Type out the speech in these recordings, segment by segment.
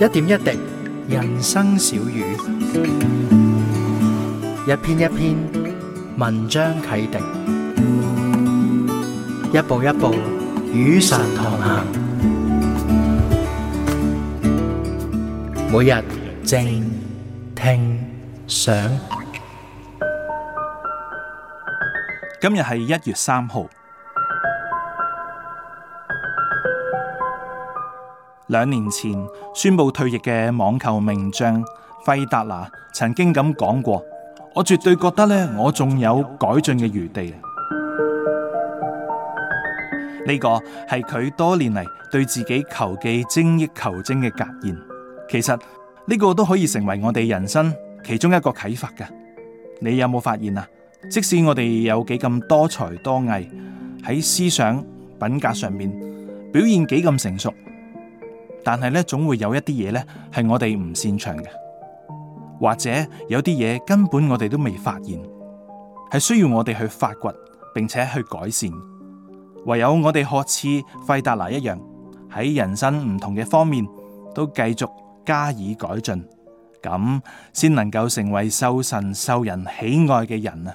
一點一滴，人生小語；一篇一篇，文章啟迪；一步一步，雨傘同行。每日靜聽想，今日係一月三號。兩年前宣布退役嘅網球名將費達拿曾經咁講過：我絕對覺得咧，我仲有改進嘅餘地。呢個係佢多年嚟對自己球技精益求精嘅格言。其實呢個都可以成為我哋人生其中一個啟發嘅。你有冇發現啊？即使我哋有幾咁多才多藝，喺思想品格上面表現幾咁成熟，但係咧，總會有一啲嘢，咧係我哋唔擅長嘅，或者有啲嘢根本我哋都未發現，係需要我哋去發掘並且去改善。唯有我哋學似費達拿一樣，喺人生唔同嘅方面都繼續加以改進，咁先能夠成為受神、受人喜愛嘅人啊！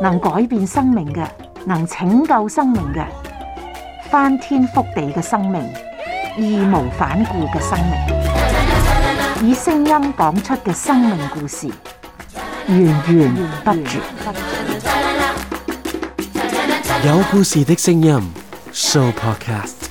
能改變生命嘅，能拯救生命嘅，翻天覆地嘅生命，義無反顧嘅生命，以聲音講出嘅生命故事，源源不絕。有故事的聲音，Sooo Podcast。